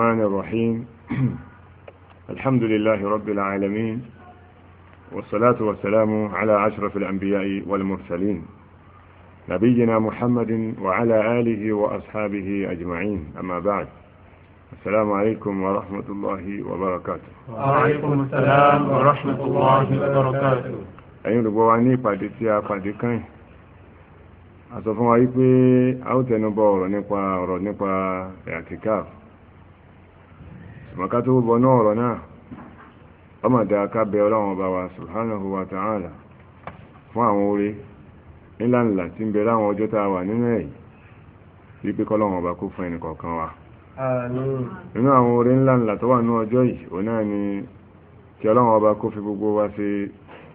الرحمن الرحيم الحمد لله رب العالمين والصلاة والسلام على أشرف الأنبياء والمرسلين نبينا محمد وعلى آله وأصحابه أجمعين أما بعد السلام عليكم ورحمة الله وبركاته وعليكم السلام ورحمة الله وبركاته أيها الأخوة قد قد كان a sọ fún wa wípé a ṣùgbọ́n ká tó bọ̀ náà ọ̀rọ̀ náà ọmọ dáa ká bẹ ọlọ́run ọba wa subhanahu wa ta'ala fún àwọn oore ńláńlá tí ń bẹ láwọn ọjọ́ tá a wà nínú ẹ̀yìn sí pé kọ́lọ́run ọba kó fún ẹnì kọ̀ọ̀kan wa nínú àwọn oore ńláńlá tó wà ní ọjọ́ yìí òun náà ni kí ọlọ́run ọba kó fi gbogbo wa ṣe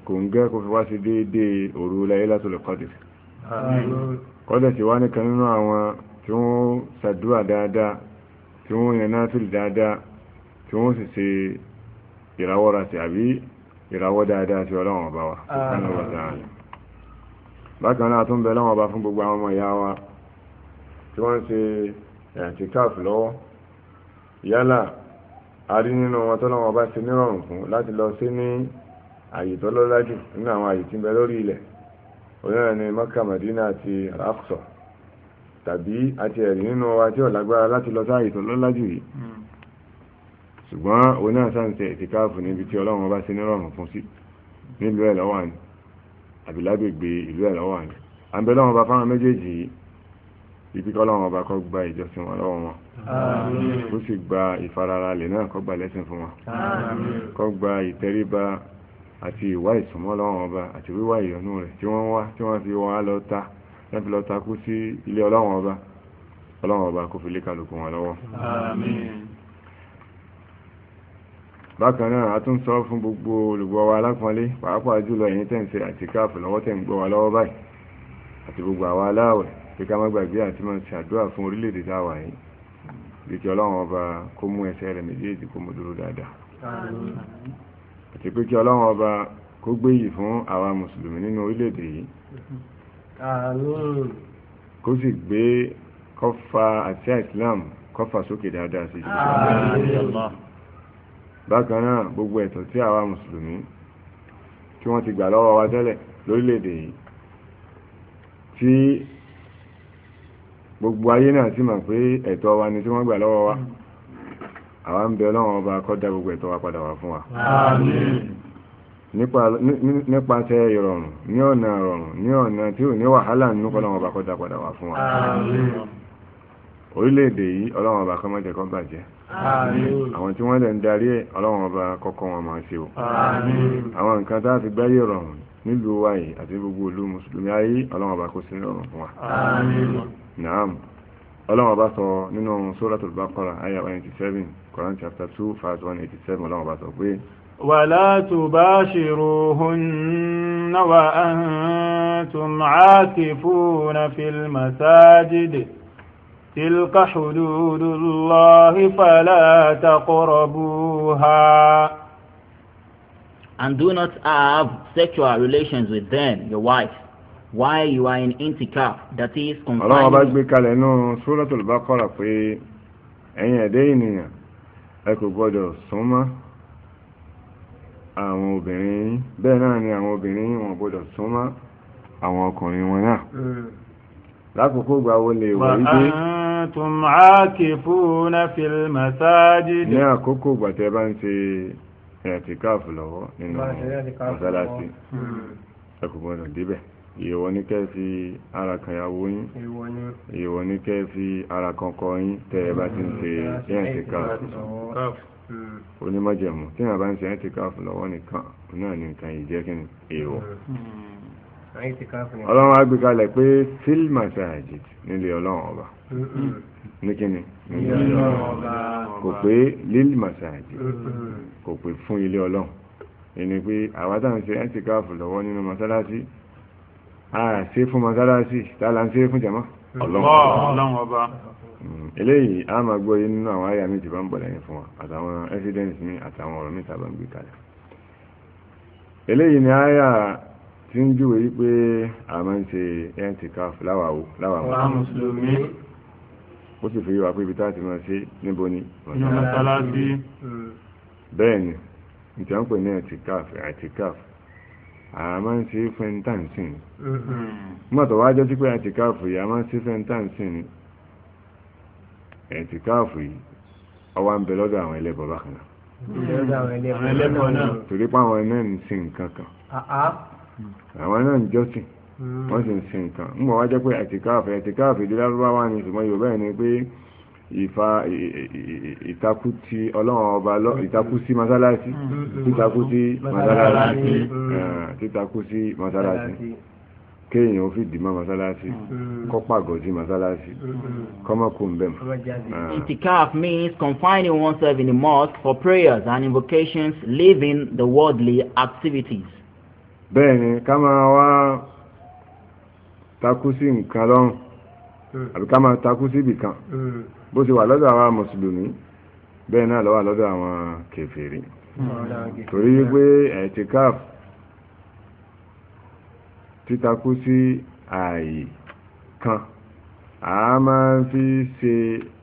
kòǹgẹ́ kó fi wá ṣe déédéé òru Laylatul Qadr kọ́dẹ̀ sì wá nìkan nínú àwọn tí wọ́n ṣàdúrà dáadáa tí wọ́n yẹn náà fìlì dáadáa tí wọ́n sì ṣe ìràwọ̀ ràtì àbí ìràwọ̀ dáadáa sí ọlọ́wọ̀n ọba wa subhanahu wa ta'ala bákan náà tún bẹ lọ́wọ́n ọba fún gbogbo àwọn ọmọ ìyá wa tí wọ́n ṣe ẹ̀ǹtì káàfù lọ́wọ́ yálà a rí nínú wọn tọ́lọ́wọ́n ọba ṣe nírọ̀rùn fún láti lọ sí ní àyè tó lọ́lá jù nínú àwọn àyè tí ń bẹ lórí ilẹ̀ onírin ní Mẹ́kà Mẹ́dínà àti al tàbí àti ẹ̀rí nínú wa tí ò lágbára láti lọ sáàyè tó lọ́lá yìí hmm ṣùgbọ́n òun náà sáǹtẹ̀ ìtìkáàfù níbi tí ọlọ́run bá ṣe nírọ̀rùn fún sí nílùú ẹ̀ lọ́wọ́ ni ìlú ẹ̀ lọ́wọ́ ni àbí fáwọn méjèèjì ibi kọ́ ọlọ́run ọba gba ìjọsìn wọn lọ́wọ́ wọn ó sì gba ìfararalẹ̀ náà kó gba lẹ́sìn fún wọn kó gba ìtẹríba àti ìwá ìsúnmọ́ ọlọ́run ọba àti wíwá ìyọ́nú rẹ̀ tí wọ́n wá tí wọ́n fi wọn lọ ta wọ́n fi lọ takú sí ilé ọlọ́run ọba ọlọ́run ọba kó fi lé kálukú wọn lọ́wọ́ bákan náà a tún sọ fún gbogbo olùgbọ́ wa alápọ̀nlé pàápàá jùlọ ẹ̀yin tẹ̀ ń ṣe àtìkáàfù lọ́wọ́ tẹ̀ ń gbọ́ wa lọ́wọ́ báyìí àti gbogbo àwa aláwẹ̀ pé ká má gbàgbé àti máa ṣàdúrà fún orílẹ̀-èdè tá a wà yìí ìdíkẹ́ ọlọ́run ọba kó mú ẹsẹ̀ rẹ̀ méjèèjì kó mú dúró dáadáa àti pé kí ọlọ́run ọba kó gbé yìí fún àwa mùsùlùmí nínú orílẹ̀-èdè yìí kó sì gbé kọfà àti islam kọfà sókè dáadáa sí ìjọba bákan náà gbogbo ẹ̀tọ́ tí àwa mùsùlùmí tí wọ́n ti gbà lọ́wọ́ wa tẹ́lẹ̀ lórílẹ̀‐èdè yìí tí gbogbo ayé náà sì mọ̀ pé ẹ̀tọ́ wa ni tí wọ́n gbà lọ́wọ́ wa àwa ń bẹ ọlọ́run ọba kó dá gbogbo ẹ̀tọ́ wa padà wá fún wa. nípasẹ̀ ìrọ̀rùn ní ọ̀nà ìrọ̀rùn ní ọ̀nà tí ò ní wàhálà nínú kọ́ ọlọ́run ọba kó padà wá fún wa orílẹ̀-èdè yìí ọlọ́run ọba kan má jẹ́ kó bàjẹ́ àwọn tí wọ́n lẹ̀ ń darí ẹ̀ ọlọ́run ọba kọ́kọ́ wọn máa ṣe o àwọn nǹkan tá a ti gbáyé rọrùn nílùú wa yìí àti gbogbo ìlú mùsùlùmí ayé ọlọ́run ọba kó sí rọrùn fún wa naam ọlọ́run ọba sọ nínú suratul baqara aya 187 Quran chapter 2 verse 187 ọlọ́run ọba sọ pé ولا تباشروهن وأنتم عاكفون في المساجد تلك حدود الله فلا تقربوها And do not have sexual relations with them, your wife, while you are in intikaf, that is confining. Ọlọ́run bá gbé kalẹ̀ nínú Suratul Baqara pé ẹ̀yin ẹ̀dẹ́ ènìyàn ẹ kò gbọ́dọ̀ súnmọ́ àwọn obìnrin bẹ́ẹ̀ náà ni àwọn obìnrin wọn gbọ́dọ̀ súnmọ́ àwọn ọkùnrin wọn náà. Hmm lákòókò gbà wo lè wọ̀ wípé. wà á tún ákifuna fil masajid. ní àkókò ìgbà tẹ́ bá ń ṣe ẹ̀tìkáàfù lọ́wọ́ nínú mọ́sálásí hmm. ẹ kò gbọ́dọ̀ débẹ̀ ìwọ ní kẹ́ fi ara kan yàwó yín ìwọ ní kẹ́ fi ara kan kọ yín tẹ́ ẹ bá ti ń ṣe hmm. ẹ̀tìkáàfù hmm. onímọ̀jẹ̀mú tí wọ́n bá ń ṣe ẹ̀tìkáàfù lọ́wọ́ nìkan náà nìkan ìjẹ́kìn èèwọ̀ ọlọ́run agbèkalẹ̀ pé fil masajid nílé ọlọ́run ọba ní kíni kò pé lil masajid kò pé fún ilé ọlọ́run ẹni pé àwátà ń ṣe ẹ́tìkáàfù lọ́wọ́ nínú masalasi a ṣe fún masalasi tààlà ń ṣe fún jama ọlọ́run ọba mm. eléyìí a máa gbọ́ yé nínú àwọn àyà mi ti bá ń bọ̀ lẹ́yìn fún wa àtàwọn evidence mi àtàwọn ọ̀rọ̀ mi tàbá ń gbé kalẹ̀ eléyìí ni àyà tí ń júwe wípé a máa ń ṣe ẹ̀ǹtìkáf láwàwò láwàwò ó sì fi wà pé ibi táàtì máa ṣe níbo ni mọ́sálásí hmm. bẹ́ẹ̀ ni ìtì ọ̀pẹ̀ ní ẹ̀ǹtìkáf ẹ̀ǹtìkáf a máa ń ṣe fẹ́ǹtàǹsìn mọ́tò hmm. wá jẹ́ sí pé ẹ̀ǹtìkáf yìí a máa ń ṣe fẹ́ǹtàǹsìn ẹ̀ǹtìkáf yìí ọwá ń bẹ lọ́dọ̀ àwọn ẹlẹ́bọ̀ bákan hmm. náà torí pé àwọn ẹ̀mẹ́ àwọn náà ń jọ́sìn hmm. wọ́n sì ń sin nǹkan ń bọ̀ wá jẹ́ pé ẹ̀tìkáàfẹ́ ẹ̀tìkáàfẹ́ ìdílé arúgbáwá ni ṣùgbọ́n yorùbá ẹ̀ ni pé ìfa ìtakú ti ọlọ́run ọba hmm. ìtakú sí mọ́sálásí títakú hmm. sí mọ́sálásí títakú eh, sí mọ́sálásí kéèyàn ó fi dìmọ́ masalasi kọ́ pàgọ́ sí masalasi kọ́ mọ́ kó mọ́. itikaf eh. means confining oneself in the mosque for prayers and invocations leaving the worldly activities bẹ́ẹ̀ ni ká máa wá takú sí nǹkan lọ́rùn hmm. àbí ká máa takú sí ibì kan hmm. bó ti wà lọ́dọ̀ àwọn mùsùlùmí bẹ́ẹ̀ náà ló wà lọ́dọ̀ àwọn kèfèrí hmm. torí wípé ẹ̀tìkáf títakú sí ààyè kan a máa fi ṣe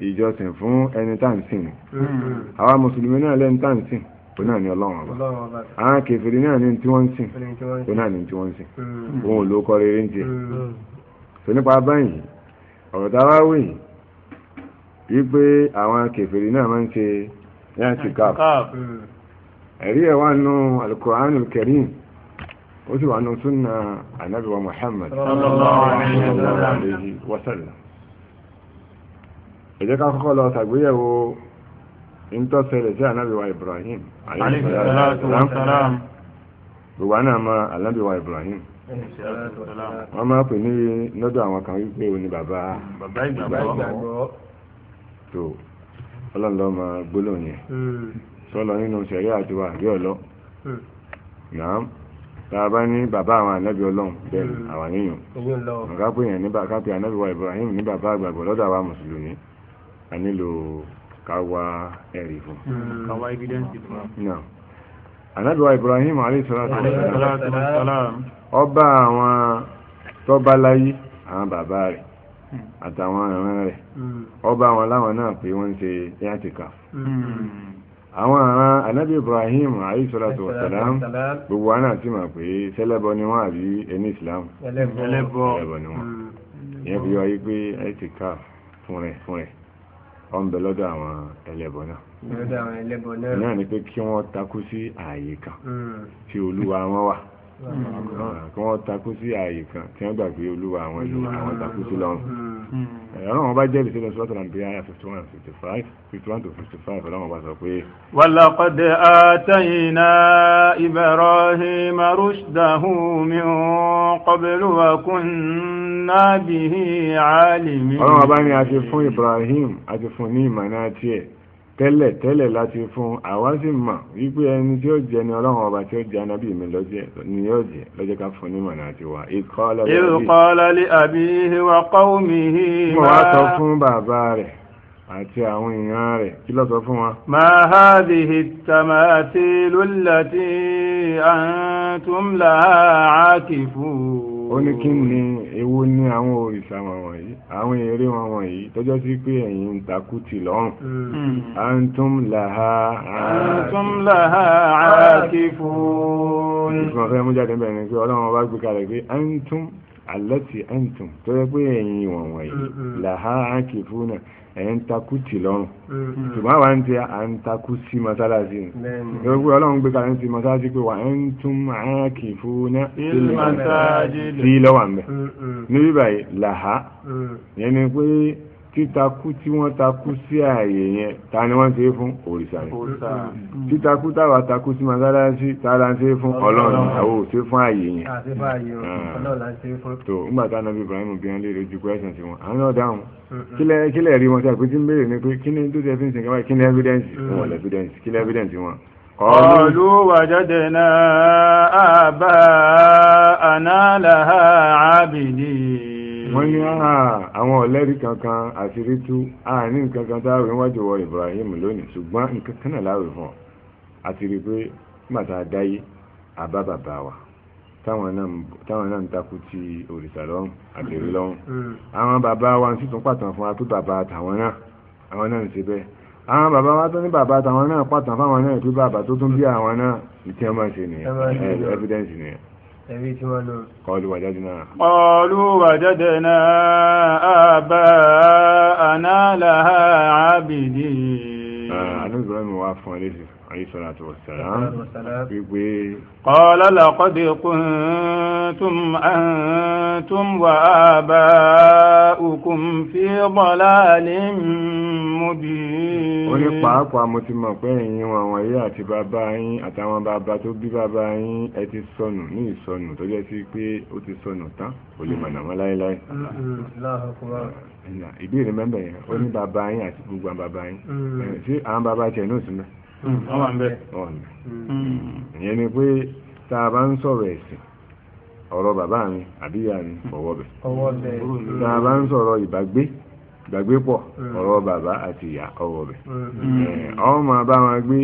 ìjọsìn fún ẹni tàǹsìn àwa mùsùlùmí náà lẹ́ni tàǹsìn òun náà ni ọlọ́run ọba àwọn kèfèrè náà ni tí wọ́n ń sìn náà ni tí wọ́n ń sìn hmm. òun ló kọ́ rere ń tiẹ̀ tó hmm. nípa báyìí ọ̀rọ̀ tá a wá wì yí pé àwọn kèfèrè náà máa ń ṣe yáàtì káàp hmm. ẹ̀rí ẹ̀ wá nù alukur'anul karim ó sì wà nù súnà ntọ́sẹ̀lẹ̀ sí anábìwá Ibrahim gbogbo àná ma anábìwá Ibrahim wọ́n máa pè ní lọ́dọ̀ àwọn kan wípé òní bàbá ìgbàgbọ́ tó ọlọ́lọ́ ma gbólóhùn yẹn hmm. sọlọ nínú sẹ̀rí àtiwá yóò lọ náà tàbá ní bàbá àwọn ànábì ọlọ́run bẹ́ẹ̀ àwọn yíyan nǹkan pè yẹn ní bàbá àgbàgbọ́ lọ́dọ̀ àwa mùsùlùmí a nílò kawa ẹ̀rí fún hmm. evidence fún anábíwá Ibrahim aleyhisselam ọba àwọn tọ́ba láyé àwọn bàbá rẹ̀ àtàwọn ìran rẹ̀ hmm. ọba àwọn láwọn náà pé wọ́n ń ṣe yàtìkà hmm. àwọn àrán anábí Ibrahim aleyhisselatu wasalam gbogbo wa náà ti mọ̀ pé ni wọ́n àbí ẹni Islam sẹ́lẹ́bọ ni wọ́n ìyẹn fi yọ pé fún fún ọ̀n bẹ lọ́dọ̀ àwọn ẹlẹ́bọ náà náà ni pé kí wọ́n takú sí ààyè kan hmm. tí olúwa wọn wà hmm. kí wọ́n takú sí ààyè kan tí wọ́n gbà pé olúwa àwọn ìlú àwọn takú sí lọ́rùn hmm. ọlọ́run ọba jẹ́rìí sílẹ̀ sọ́tọ̀ náà bíi àyà fifty one fifty five fifty one to fifty five ọlọ́run ọba sọ pé. walaqad atayna ibrahima rushdahu min qablu wa kunna bihi alimi. ọlọ́run ọba ni a ti fún Ibrahim a ti fún ní ìmọ̀ náà tiẹ̀ tẹ́lẹ̀ tẹ́lẹ̀ láti fún àwa sì mọ̀ wípé ẹni tí ó jẹ ni ọlọ́run ọba tí ó jẹ anábì mi lọ́jẹ́ ni yóò jẹ lọ́jẹ́ ká fún nímọ̀ náà ti wá. ìkọ́lá lé àbí wa qawmihi. mo wá sọ fún bàbá rẹ̀ àti àwọn èèyàn rẹ̀ kí ló sọ fún wa. ma hadhihi tamatilu allati antum laha akifun ó ní kí ni èwo ní àwọn òrìṣà wọ̀nyí àwọn eré wọn wọ̀nyí tọ́jọ́ sí pé ẹ̀yin takú ti lọ́rùn hmm. antum laha antum laha akifun. ìfọ̀nfẹ́ mú jáde bẹ̀rẹ̀ pé ọlọ́run bá gbé kalẹ̀ pé antum alẹ́tì ẹ̀ǹtùn tó yẹ pé ẹ̀yin ìwọ̀n wọ̀nyí làhá ákì fúnà ẹ̀yìn takú tì lọ́rùn ṣùgbọ́n àwọn àǹtí à ń takú sí mọ́sálásí ni tó yẹ pé ọlọ́run gbé kalẹ̀ sí mọ́sálásí pé wà ń tún ákì fúnà sí lọ́wọ́ àmì ní bíbáyìí làhá yẹn ni pé títakú tí wọ́n takú sí ààyè yẹn ta ni wọ́n ṣe é fún òrìṣà rẹ̀ mm. títakú táwa takú sí masalasi ta la ṣe é fún ọlọ́run àwọn ò ṣe fún ààyè yẹn ah. tó ńgbà tá nàbí Ibrahim bí wọn lè rojú kwẹsàn sí wọn àwọn náà dáhùn kílẹ̀ kílẹ̀ rí wọn sí àpótí ń béèrè ni pé kí ni tó ṣe fi ń sìn kábàá kí ni evidence mm. wọn lè evidence kí ni evidence wọn. قالوا وجدنا آباءنا لها عابدين wọ́n ní ah, àwọn ọ̀lẹ́rí kankan àti rítú àní nǹkan kan táwẹ̀ wájú wọ Ibrahim lónìí ṣùgbọ́n nǹkan kan náà láwẹ̀ fún ọ àti rí pé màtá dáyé àbá bàbá wa táwọn náà ń takú ti òrìṣà lọ́rùn àtẹ̀rí lọ́rùn mm-hmm. àwọn bàbá wa ń sísun pàtàn fún wa bàbá tàwọn náà àwọn náà ń ṣe bẹ́ẹ̀ àwọn bàbá wa tó ní bàbá tàwọn náà pàtàn fáwọn náà pé bàbá tó tún bí àwọn náà ìtí ṣe nìyẹn evidence nìyẹn ẹ̀rí tí wọ́n lò. kọlu wàjádìna. kọlu wàjádìna àbá àná làhà àbìdì. àánú ìbúrẹ́mi wá fún ọ lẹ́sìn. عليه الصلاة والسلام. قال: لقد kuntum أنتم wa في fi dalalin ní pàápàá mo ti mọ̀ pé ẹ̀yin wọn àwọn ẹ̀yà àti bàbá yín àtàwọn bàbá tó bí bàbá yín ẹ ti sọnù ní ìsọnù tó jẹ́ sí pé ó ti sọnù tán kò lè mọ̀nà mọ́ láéláé ìbéèrè mẹ́mbẹ̀ yẹn ó ní bàbá yín àti gbogbo àwọn bàbá yín tí mm. àwọn bàbá tiẹ̀ ní òsínbẹ́ ọwà ń bẹ. pé tá a bá ń sọ̀rọ̀ ẹ̀sìn ọ̀rọ̀ bàbá mi àbíyá mi ọwọ́ bẹ̀. tá a bá ń sọ̀rọ̀ pọ̀ hmm. ọ̀rọ̀ bàbá àti ìyá ọwọ́ bẹ̀. Hmm. bá wọn gbé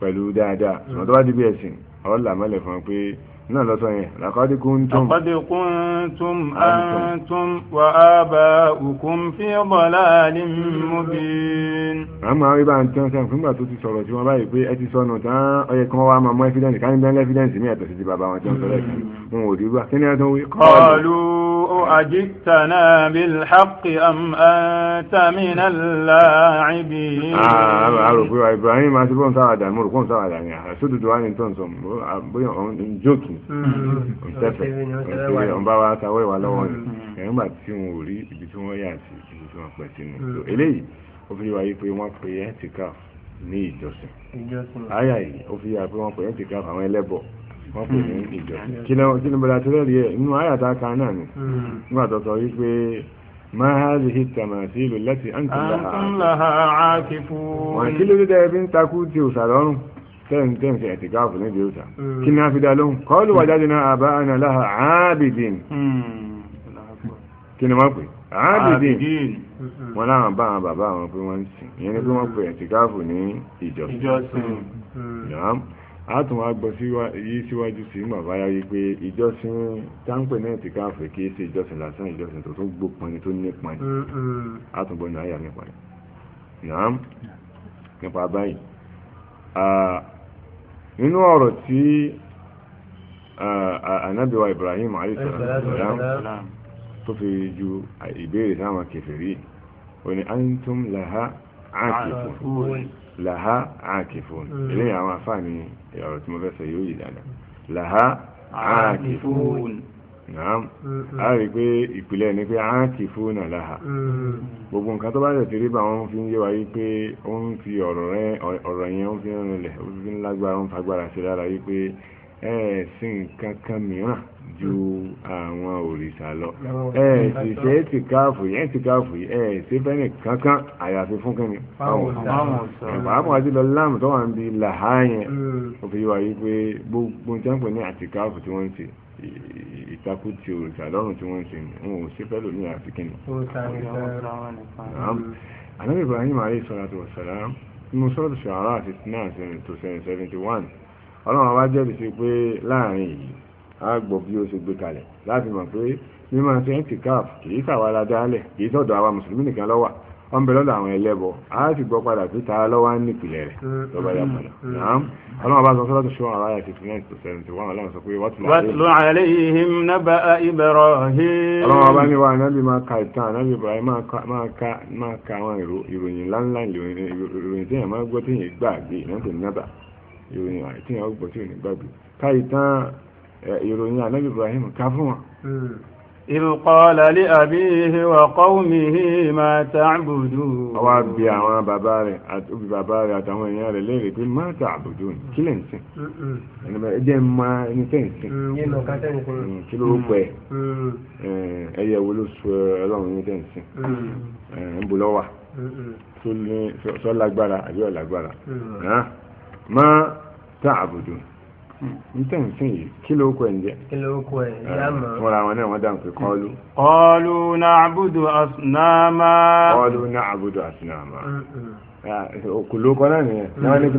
pẹ̀lú dáadáa hmm. ṣùgbọ́n tó bá náà lọ́sọ yẹn làkọ́dí kúntùm. làkọ́dí kúntùm àǹtùm wà ábà òkun fi bọ̀lá ní múbi. àmọ́ àwọn ibà ń sẹ́yìn fúngbà tó ti sọ̀rọ̀ tí wọ́n báyìí pé ẹ ti sọnù tán ọyẹ kí wọ́n wá máa mú ẹ́fídẹ́ǹsì ká ní bẹ́ẹ̀ lẹ́fídẹ́ǹsì mi àtọ̀sí ti bàbá wọn tó ń sọ lẹ́sìn. wọn ò rí wá kí ni ẹ tó wí. kọ́ọ̀lù أجئتنا بالحق أم أنت من اللاعبين àròpé Ibrahim àti bọ́n sára dà mú rògbọ́n sára dà ní àṣódùdù wáyé tó ń sọ bóyá ọ̀hún ń jókì ń tẹ́fẹ̀ ń ọ̀n bá wa sáwọ́ ìwà lọ́wọ́ ni ẹ̀yìn gbà tí wọn ò rí ibi tí wọ́n yà sí ibi tí wọ́n pẹ̀ sínú eléyìí ó fi wáyé pé wọ́n pe ẹ́ ti ká ní ìjọsìn àyà yìí ó fi yà pé wọ́n pe ẹ́ ti ká àwọn ẹlẹ́bọ̀ọ́ wọ́n pè ní ìjọ kí ni bọ̀dá tó lẹ́rìí ẹ̀ inú àyàtà kan náà ni hmm. nígbà tó sọ wípé ما هذه التماثيل التي أنتم, أنتم لها عاكفون وأنتم لها عاكفون tẹ́yìn tẹ́yìn sí ẹ̀tìkáàfù ní ìdíòta hmm. kí ní a fi dá lóhùn kọlu wà jáde náà àbá àna láha àábìdín kí ni wọ́n pè àábìdín hmm. wọ́n láwọn bá àwọn bàbá àwọn pé wọ́n sìn àtún wá gbọ́ yí síwájú sí bàbá yá wípé ìjọsìn táǹpẹ̀ náà ti káàfẹ́ kí ṣe ìjọsìn lásán ìjọsìn tó tó gbópọn ni tó nípa ni àtúnbọ̀ ní àyà nípa ni nàám nípa báyìí nínú ọ̀rọ̀ tí anábíwá Ibrahim alayhisalaam tó fi ju ìbéèrè táwọn kèfèrí ó ní antum laha àkìfún làhá àkìfún eléyìí àwọn afáàní ọ̀rọ̀ tí mo fẹ́ sọ yóò yìí dáadáa làhá àkìfún naam hmm. a rí i pé ìpìlẹ̀ ni pé àkìfún làhá hmm. gbogbo nǹkan tó bá tẹ̀ tẹ̀lé bá wọn fi ẹ̀ẹ̀sìn kankan mìíràn ju àwọn òrìṣà lọ ẹ̀ẹ̀sì ṣe é ti káàfù yẹn ti káàfù yìí ẹ̀ẹ̀sì fẹ́ni kankan àyàfi fún kẹ́ni pàápàá sí lọ láàmù tó wà ń bi làhá yẹn hmm. ó fi wá yí pé gbogbo tí wọ́n pè ní àtìkáàfù tí wọ́n ń ṣe ìtakú ti òrìṣà lọ́rùn tí wọ́n ń ṣe wọn ò sí fẹ́ lómi àti kẹ́ni. ànábì Ibrahim alayhi salatu wa salam nínú sọ́ọ̀tù ṣàárà àti sinai tó sẹ́yìn seventy one ọlọ́run wá jẹ́rìí sí pé láàrin yìí á gbọ́ bí ó ṣe gbé kalẹ̀ láti mọ̀ pé mímọ ṣe ń tìkáàf kìí sàwárà dálẹ̀ kìí sọ̀dọ̀ àwa mùsùlùmí nìkan lọ́wà wọ́n bẹ lọ́dọ̀ àwọn ẹlẹ́bọ á sì gbọ́ padà pé ta lọ́wọ́ ní rẹ̀ lọ́ba yà mm-hmm. mm-hmm. nàám ọlọ́run bá sọ sọ́dọ̀ tó ṣọ́ àwọn àyà fifty nine to seventy ọlọ́run sọ pé watlu alayhim naba'a Ibrahim. ọlọ́run bá ní wa ìròyìn àti ìyàwó gbọ́ tí ò ní gbàgbé ká ìtàn ìròyìn ànábì Ibrahim ká fún wọn. إذ قال لأبيه وقومه ما تعبدون أو أبي أو باباري أبي باباري أتامو يا ليلي بي ما تعبدون كلن سن أنا بدي ما نتن سن كيلو بي أي ولوس لون نتن سن بلوة سول سول لاgbára أبي لاgbára ها ma ta abudu tẹ̀ ń kiloko yìí kí ló kọ ẹ̀ kí ló kọ ẹ̀ yá mọ̀. wọ́n náà wọ́n dáhùn pé kọ́ọ̀lù. kọ́ọ̀lù kọ́ọ̀lù kò ló náà nìyẹn wọ́n ní kí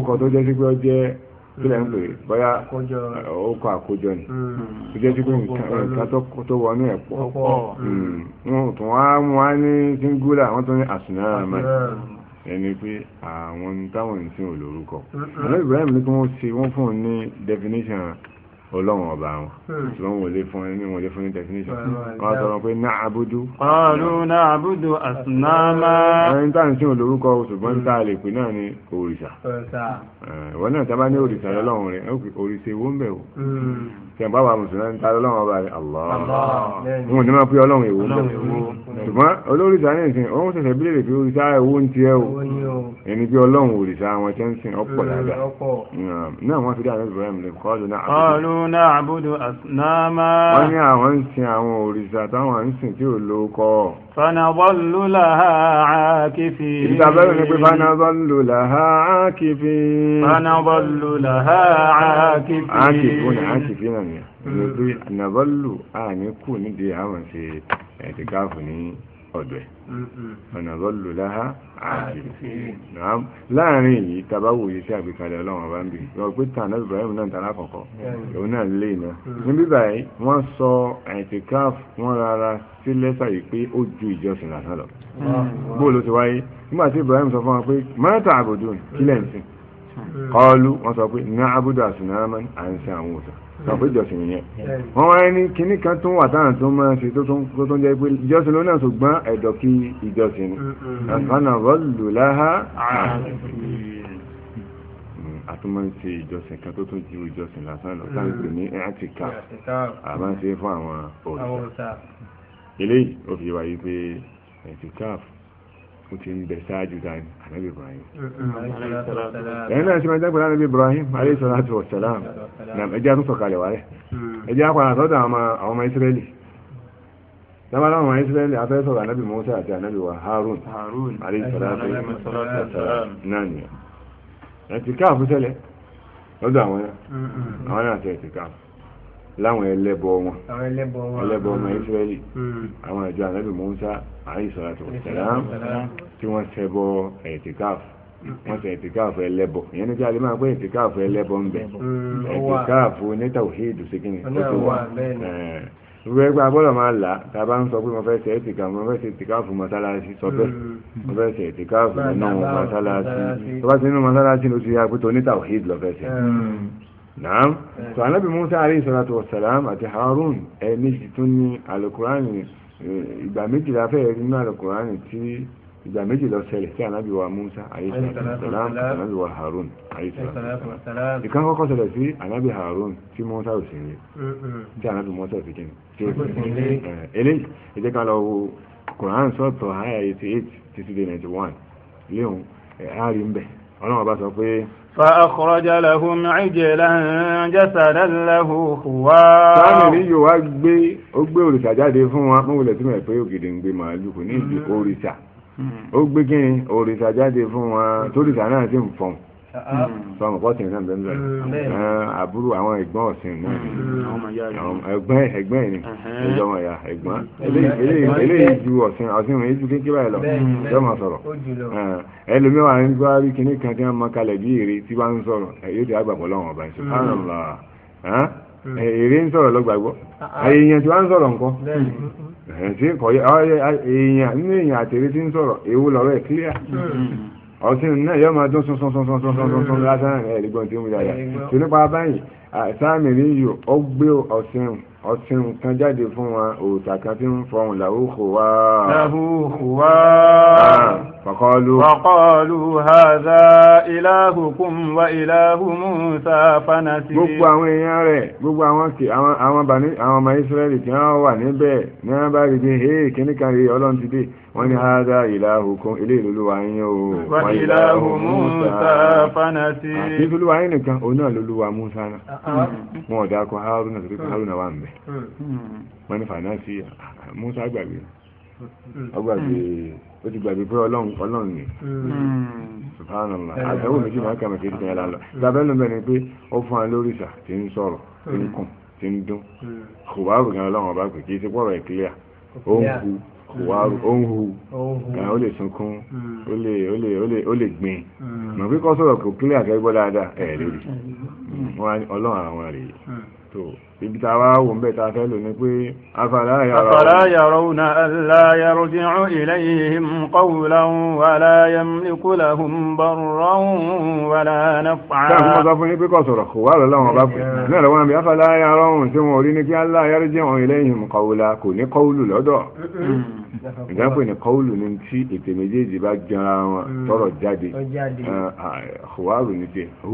lọ́lọ́run àwọn kí lẹ́ ń bóyá ọkọ̀ àkójọ ni hmm. tó jẹ́ pípé nǹkan tó wọnú ẹ̀ pọ̀ hmm. wọn tún wá mú wá ní singular wọ́n tún ní àsùnà mẹ́ ẹni pé àwọn táwọn ìsìn olórúkọ. Hmm, Àlọ́ Ibrahim ní kí wọ́n ṣe wọ́n fún un ní definition ọlọ́run ọba wọn hmm. ṣùgbọ́n wọ́n lè fún ẹni wọ́n lè fún ní definition wọ́n sọ̀rọ̀ pé náà abúdú ọ̀rọ̀ náà abúdú àsùnámá ẹni tá à ń sìn olórúkọ ṣùgbọ́n hmm. tá a lè pè náà ní òrìṣà eh, ìwọ náà sábà ní òrìṣà lọ́lọ́run rẹ̀ òrìṣà èwo bẹ̀ o hmm. tí a bá wà mùsùlùmí ta lọ́lọ́run ọba rẹ̀ Allah wọn ò ní máa pé ọlọ́run èwo ń bẹ̀ ṣùgbọ́n olórìṣà ní ìsìn òun ṣẹ̀ṣẹ̀ bílẹ̀ pé òrìṣà owó ń tiẹ̀ o ẹni pé ọlọ́run òrìṣà àwọn tí ń sìn ọ̀pọ̀ dáadáa náà wọ́n fi dá àlọ́ Ibrahim lè kọ́ ọdún náà. ọlù náà àbúdó àsìnámà. wọ́n ní àwọn ń sin àwọn òrìṣà táwọn ń sìn tí ò lórí mm. nàbọ́lù àní kù nídìí àwọn ṣe ẹ̀tìkáàfù ní ọ̀dọ̀ ẹ̀ ọ̀nàbọ́lù láhá àjìrì ah, láàrin yìí tabawo yìí sí àgbékalẹ̀ ọlọ́run ọba ń bì lọ pé tàn náà Ibrahim náà tàn lákọ̀ọ́kọ́ òun náà lé iná mm. níbí báyìí wọ́n sọ ẹ̀tìkáàfù wọ́n rárá sí lẹ́sà yìí pé ó ju ìjọsìn lásán lọ mm. bó ló ti wáyé nígbà tí Ibrahim sọ fún wọn pé mọ́tà àbòdùn kílẹ̀ ń sìn kọ́ọ́lù wọ́n sọ pé ní abúdó àsìnáàmán à ń àwọn òòsàn tàbí ìjọsìn yẹn wọn wáyé ní kinní kan tún wà táwọn tó máa ṣe tó tún jẹ pé ìjọsìn ló náà ṣùgbọ́n ẹ̀dọ̀ kí ìjọsìn àfàànà rọ́ọ̀lù láhá àtúmọ̀ mm, ń ṣe ìjọsìn kan tó tún ju ìjọsìn lásán lọ táwọn ìpè mm. ní ẹ̀ẹ́tìkà àbá ń ṣe fún àwọn òòṣà eléyìí ó fi wáyé pé ẹ̀ẹ́tìkà ó ti ń bẹ ṣáájú ibrahim ẹ̀yìn náà ṣe máa jágbọ́n ànábì ibrahim alayhi salatu wa salam ẹjẹ́ àtúntò kalẹ̀ wálẹ̀ hmm. ẹjẹ́ àpàdà sọ́dọ̀ àwọn ọmọ ìsírẹ́lì lábàá láwọn musa àti ànábì wa harun alayhi salatu wa salam ya ni ẹ̀ ti káàfù sẹ́lẹ̀ lọ́dọ̀ na náà àwọn náà hmm, hmm. láwọn ẹlẹ́bọ wọn ẹlẹ́bọ ọmọ hmm. Ísírẹ́lì hmm. àwọn ìjọ ànábì Mùsá àìsàràtò sàlám tí wọ́n ṣẹbọ ẹ̀tìkáàfù hmm. wọ́n ṣe ẹ̀tìkáàfù ẹlẹ́bọ ìyẹn ní kí a lè máa pé ẹ̀tìkáàfù ẹlẹ́bọ ń bẹ ẹ̀tìkáàfù onítàwíìdù sí kí ni ó ti wà gbogbo ẹgbẹ́ agbọ́dọ̀ máa là tá a bá ń sọ pé mo fẹ́ ṣe ẹ̀tìkà mo fẹ́ ṣe ẹ̀tìkáàfù mọ́sálásí sọ bẹ́ẹ̀ mo fẹ́ ṣe ẹ̀tìkáàfù nínú mọ́sálásí tó bá ti nínú mọ́sálásí ló ti yá pé tó onítàwíìdù lọ fẹ́ ṣe naam so anábì musa alayhi salatu wa salam àti harun ẹ méjì tún ní alukurani ìgbà méjì la fẹ́ rí nínú alukurani tí ìgbà méjì lọ ṣẹlẹ̀ sí anábì wa musa alayhi salatu wa salam àti anábì wa harun alayhi salatu wa salam ìkan kọ́kọ́ ṣẹlẹ̀ sí anábì harun tí musa ò sí ní tí anábì musa ò sí kíni tí ó sì ní eh, eléyìí ẹ jẹ́ ká lọ wo quran sọ́tọ̀ ayah eighty títí dé ninety one léhùn ẹ̀ẹ́rì eh, ń bẹ̀ ọlọ́run ọba sọ pé. فأخرج لهم عجلا جسدا له خوار. sáàmì ní yóò wá gbé ó gbé òrìṣà jáde fún wa mọ́ wulẹ̀ tí mo ẹ̀ pé ògìdì ń gbé màálù kò ní ìdí mm. òrìṣà mm. ó gbé kí ni òrìṣà jáde fún wa mm. tóríṣà náà sì ń fọ̀n sọmọ pọ́ sìn náà bẹ́ẹ̀ bẹ́ẹ̀ àbúrò àwọn ẹ̀gbọ́n ọ̀sìn náà hmm. ẹ̀gbọ́n ẹ̀gbọ́n ẹ̀ ni ẹjọ́ ọmọ ìyá hmm. ẹ̀gbọ́n eléyìí ju ọ̀sìn ọ̀sìn òun èyí ju kékeré báyìí lọ ẹjọ́ ọmọ sọ̀rọ̀ ẹlòmíwà ń gbọ́ rí kinní kan tí wọ́n mọ kalẹ̀ bí èrè tí wọ́n ń sọ̀rọ̀ yóò ti àgbàpọ̀ lọ́wọ́ ọba ìṣẹ́ hmm. èrè ń sọ̀rọ̀ lọ́gbàgbọ́ ah, ah. èèyàn tí wọ́n ń sọ̀rọ̀ nǹkan èèyàn nínú ọ̀sìn náà yọ́ máa dún sunsun sunsun sunsun sunsun hmm. lásán ẹ̀ẹ́dẹ́gbọ̀n tí ó mú dáadáa tó nípa báyìí sáàmì ní yìí ó gbé ọ̀sìn ọ̀sìn nǹkan jáde fún wa òòtà kan tí ń fọhùn làwùkù wá. làwùkù wá. fọkọlù. fọkọlù hàzà ìlàhùkùn wa ilahu Mùsà fanasi. gbogbo àwọn èèyàn rẹ̀ gbogbo àwọn kì àwọn bani àwọn ọmọ Ísírẹ́lì tí wọ́n wà níbẹ̀ ní wọ́n bá rí bí ee kíní kan rí ọlọ́run ti dé wọ́n ní hàzà ìlàhùkùn ilé ìlú ló wà yín o. wa ìlàhù Mùsà fanasi. àti ah, ìlú wa yín nìkan òun náà ló lù wa Mùsà náà. Ah, ah. wọn ò dákọ Haruna torí Haruna wà ń bẹ. Hmm. wọ́n ní fàánáàsì Musa gbàgbé ọgbàgbé hmm. ó ti gbàgbé pé ọlọ́run ni hmm. subhanallah eh. àtẹ̀wò méjì máa kà mẹ́fẹ́ ìdíkan yàrá lọ lábẹ́nu bẹ́ẹ̀ ni pé ó fún wa lórí ìsà tí ń sọ̀rọ̀ tí ń kùn tí ń dún kò wá rò gan ọlọ́run ọba pé kì í ṣe pọ̀rọ̀ ìpìlẹ̀ ó ń hu kò wá rò ó ń hu gan ó lè sunkún ó lè ó mọ̀ pé kọ́ sọ̀rọ̀ kò kílẹ̀ àkẹ́gbọ́ dáadáa ẹ̀ lórí ọlọ́run àwọn rèé so ibi tá a wá wò ń bẹ̀ tá a fẹ́ lò ní pé afala yàrá afala yarawna alla yarji'u ilayhim qawlan wala yamliku lahum darran wala naf'a. táà fún ọsọ fún yín pé kò sọ̀rọ̀ kò wá lọ lọ́wọ́ bá pè náà lọ́wọ́ àbí afala yarawna tí wọ́n rí ní kí alla yarji'u ilayhim qawlan kò ní qawlu lọ́dọ̀ ìgbàpè ní qawlu ní tí ètè méjèèjì bá jẹra wọn mm. tọrọ jáde ah, ah,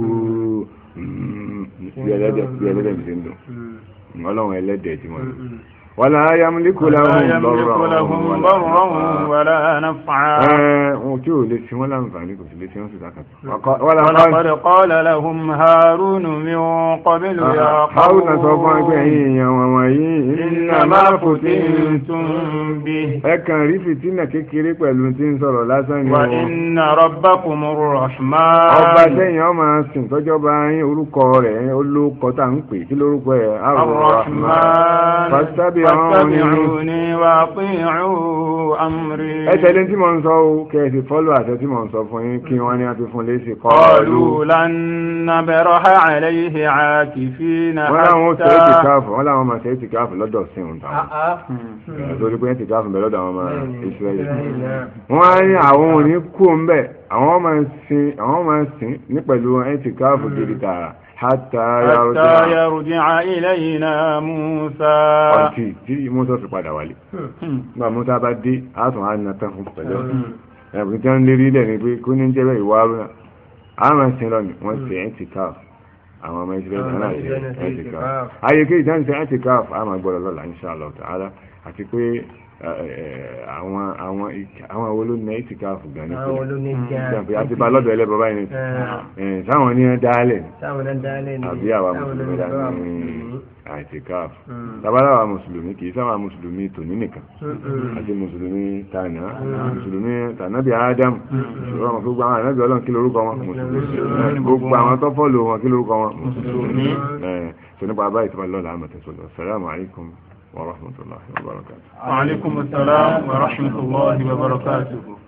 Mm, mm, mm. bí ẹlẹ́dẹ̀ bí ẹlẹ́dẹ̀ ti ń dùn ọlọ́run ẹlẹ́dẹ̀ tí wọ́n wàlá yamliku lahum darran wàlá naf'a. ẹ wọn kí o lè fi wọn láǹfààní kò sì lè fi wọn síta kàtà. walaqad qala lahum Harun min qablu ah, ah, ya qawm. haruna sọ fún ẹgbẹ́ yìí èèyàn wọn wọ̀nyí. innama futintum bihi. ẹ kàn rí fìtínà kékeré pẹ̀lú tí ń sọ̀rọ̀ lásán ni wọn. wa inna rabbakumur rahman. ọba sẹ́yìn ọmọ sìn tọ́jọ́ bá yín orúkọ rẹ̀ olókọ́ tá à ń pè kí lórúkọ rẹ̀ arrahman. فاتبعوني واطيعوا أمري ẹ tẹ̀lé tí mo ń sọ o kẹ́ ẹ sì fọ́lọ̀ àṣẹ tí mo ń sọ fún yín kí wọ́n ní àti fún léṣe kọ́ قالوا لن نبرح عليه عاكفين حتى wọ́n láwọn ṣe é ti káàfù wọ́n láwọn máa ṣe é ti káàfù lọ́dọ̀ sí òun táwọn ah, ah. Hmm. torí pé ti káàfù bẹ́ẹ̀ lọ́dọ̀ àwọn ọmọ Ísírẹ́lì wọ́n á ní àwọn òní kú ń bẹ̀ àwọn máa ń sin ní pẹ̀lú ẹ̀ ti káàfù gidi tààrà hatta yarji'a ilayna Musa. ọ̀tí tí Musa fi padà wálé hmm. nígbà Musa bá dé àtún ànátán fún pẹ̀lú hmm. ẹ̀bùn tí wọ́n lé rí lẹ̀ ni pé kó ní jẹ́ bẹ́ẹ̀ ìwà arúnà àwọn ẹ̀sìn lọ́nà wọ́n ti ẹ̀ ti káàf àwọn ọmọ ìṣẹ̀lẹ̀ náà ti ẹ̀ ti káàf ayé kéjì tí wọ́n ti ẹ̀ ti káàf àwọn àgbọ̀dọ̀ lọ́la insha Allah ta'ala àti pé àwọn àwọn àwọn olú ní ìtìkáàfù gan ní pẹ̀lú àti bá lọ́dọ̀ ẹlẹ́bọ̀ báyìí ní sáwọn ní dálẹ̀ àbí àwa mùsùlùmí dá ní àìtìkáàfù hmm. tabaláwa mùsùlùmí kì í sáwọn mùsùlùmí tòní nìkan àti hmm, hmm. mùsùlùmí tànà mùsùlùmí tànàbí ádámù ṣùgbọ́n àwọn gbogbo àwọn ànábì ọlọ́run kí lórúkọ wọn mùsùlùmí gbogbo àwọn tó fọ́ọ̀lù wọn kí lórúkọ wọn mùsùlùmí tó eh, nípa báyìí tó bá lọ́la àmọ̀tẹ́sọ̀lọ́ ورحمة الله وبركاته وعليكم السلام ورحمة الله وبركاته